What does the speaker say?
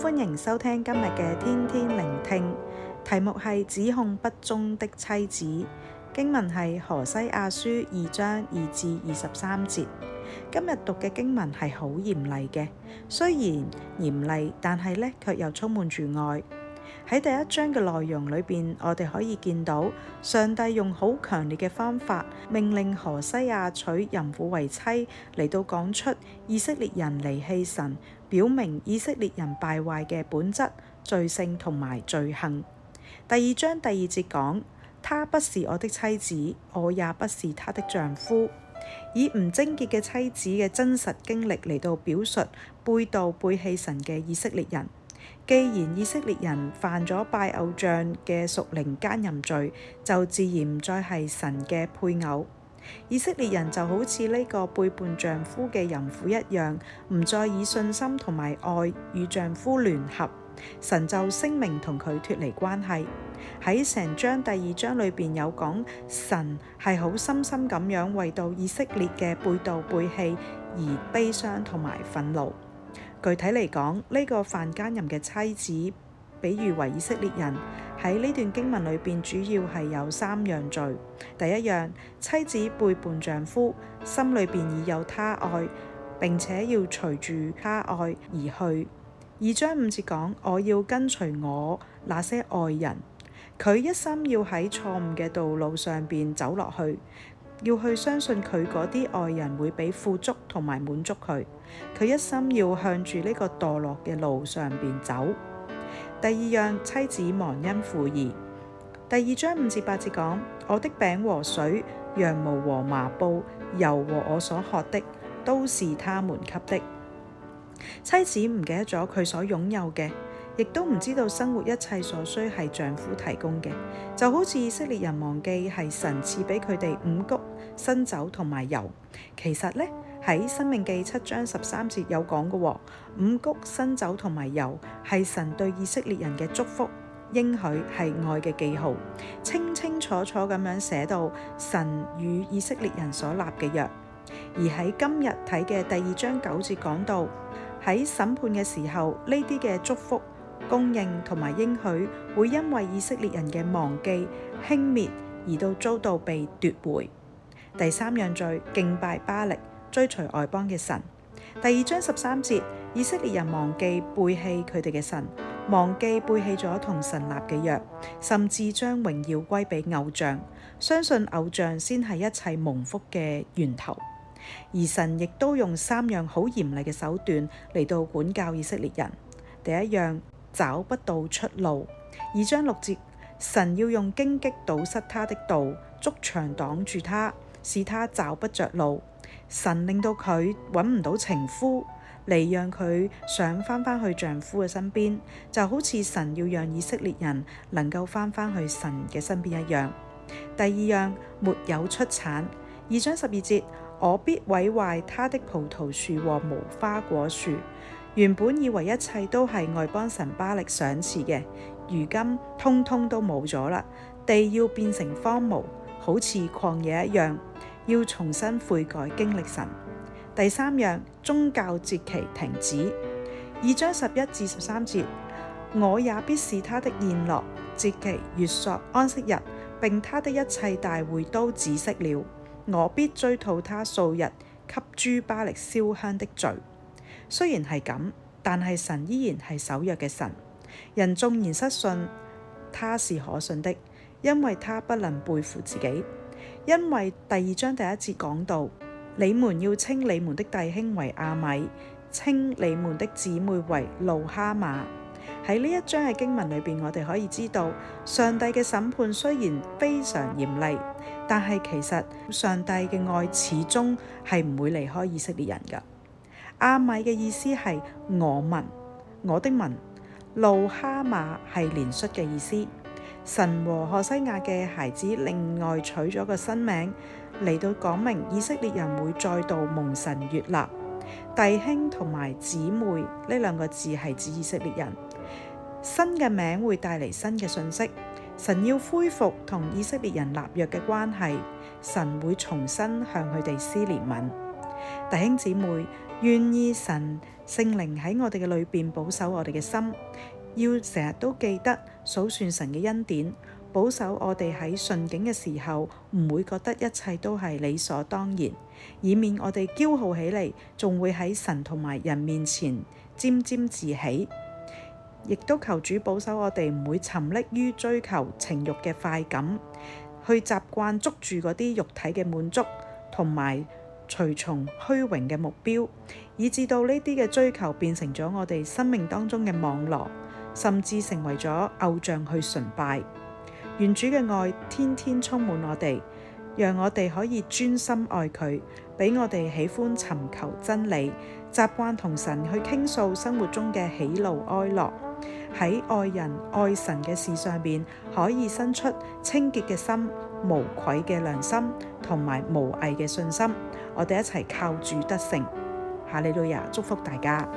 歡迎收聽今日嘅天天靈聽，題目係指控不忠的妻子，經文係何西阿書二章二至二十三節。今日讀嘅經文係好嚴厲嘅，雖然嚴厲，但係咧卻又充滿住愛。喺第一章嘅內容裏邊，我哋可以見到上帝用好強烈嘅方法，命令何西阿娶淫婦為妻，嚟到講出以色列人離棄神，表明以色列人敗壞嘅本質、罪性同埋罪行。第二章第二節講：「她不是我的妻子，我也不是她的丈夫。」以唔貞潔嘅妻子嘅真實經歷嚟到表述背道背棄神嘅以色列人。既然以色列人犯咗拜偶像嘅屬靈姦淫罪，就自然唔再係神嘅配偶。以色列人就好似呢個背叛丈夫嘅淫婦一樣，唔再以信心同埋愛與丈夫聯合，神就聲明同佢脫離關係。喺成章第二章裏邊有講，神係好深深咁樣為到以色列嘅背道背棄而悲傷同埋憤怒。具體嚟講，呢、這個犯姦淫嘅妻子，比喻為以色列人喺呢段經文裏邊，主要係有三樣罪。第一樣，妻子背叛丈夫，心裏邊已有他愛，並且要隨住他愛而去。二章五節講：我要跟隨我那些愛人，佢一心要喺錯誤嘅道路上邊走落去。要去相信佢嗰啲愛人會俾富足同埋滿足佢，佢一心要向住呢個墮落嘅路上邊走。第二樣，妻子忘恩負義，第二章五至八節講，我的餅和水、羊毛和麻布、油和我所喝的，都是他們給的。妻子唔記得咗佢所擁有嘅。亦都唔知道生活一切所需係丈夫提供嘅，就好似以色列人忘記係神賜畀佢哋五穀新酒同埋油。其實咧喺《申命記》七章十三節有講過喎，五穀新酒同埋油係神對以色列人嘅祝福，應許係愛嘅記號，清清楚楚咁樣寫到神與以色列人所立嘅約。而喺今日睇嘅第二章九節講到喺審判嘅時候，呢啲嘅祝福。供應同埋應許會因為以色列人嘅忘記輕蔑，而到遭到被奪回。第三樣罪，敬拜巴力，追隨外邦嘅神。第二章十三節，以色列人忘記背棄佢哋嘅神，忘記背棄咗同神立嘅約，甚至將榮耀歸畀偶像，相信偶像先係一切蒙福嘅源頭。而神亦都用三樣好嚴厲嘅手段嚟到管教以色列人。第一樣。找不到出路。二章六節，神要用荊棘堵塞他的道，築牆擋住他，使他找不着路。神令到佢揾唔到情夫，嚟讓佢想翻返去丈夫嘅身邊，就好似神要讓以色列人能夠翻返去神嘅身邊一樣。第二樣，沒有出產。二章十二節，我必毀壞他的葡萄樹和無花果樹。原本以為一切都係外邦神巴力賞賜嘅，如今通通都冇咗啦。地要變成荒蕪，好似曠野一樣，要重新悔改經歷神。第三樣，宗教節期停止，二章十一至十三節，我也必使他的宴樂、節期、月朔、安息日，並他的一切大會都止息了。我必追討他素日，給諸巴力燒香的罪。雖然係咁，但係神依然係守約嘅神。人縱然失信，他是可信的，因為他不能背乎自己。因為第二章第一節講到，你們要稱你們的弟兄為阿米，稱你們的姊妹為路哈馬。喺呢一章嘅經文裏邊，我哋可以知道，上帝嘅審判雖然非常嚴厲，但係其實上帝嘅愛始終係唔會離開以色列人㗎。阿米嘅意思係我民，我的民。路哈馬係憐恤嘅意思。神和何西阿嘅孩子另外取咗個新名，嚟到講明以色列人會再度蒙神悅納。弟兄同埋姊妹呢兩個字係指以色列人。新嘅名會帶嚟新嘅信息。神要恢複同以色列人立約嘅關係，神會重新向佢哋施憐憫。弟兄姊妹，願意神聖靈喺我哋嘅裏邊保守我哋嘅心，要成日都記得數算神嘅恩典，保守我哋喺順境嘅時候唔會覺得一切都係理所當然，以免我哋驕傲起嚟，仲會喺神同埋人面前沾沾自喜。亦都求主保守我哋唔會沉溺於追求情慾嘅快感，去習慣捉住嗰啲肉體嘅滿足，同埋，隨從虛榮嘅目標，以致到呢啲嘅追求變成咗我哋生命當中嘅網羅，甚至成為咗偶像去崇拜。願主嘅愛天天充滿我哋，讓我哋可以專心愛佢，俾我哋喜歡尋求真理，習慣同神去傾訴生活中嘅喜怒哀樂，喺愛人愛神嘅事上邊可以生出清潔嘅心、無虧嘅良心同埋無偽嘅信心。我哋一齊靠主得勝，哈利路亞祝福大家。